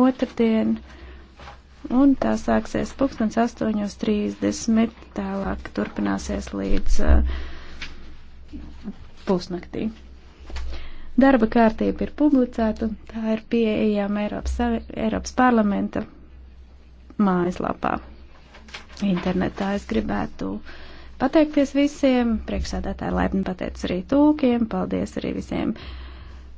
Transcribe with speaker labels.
Speaker 1: otrdien, un tā sāksies 18.30, tālāk turpināsies līdz uh, pusnaktī. Darba kārtība ir publicēta, tā ir pieejama Eiropas, Eiropas parlamenta mājaslapā. Internetā es gribētu pateikties visiem, priekšsādātāji laipni pateicu arī tūkiem,
Speaker 2: paldies arī visiem uh,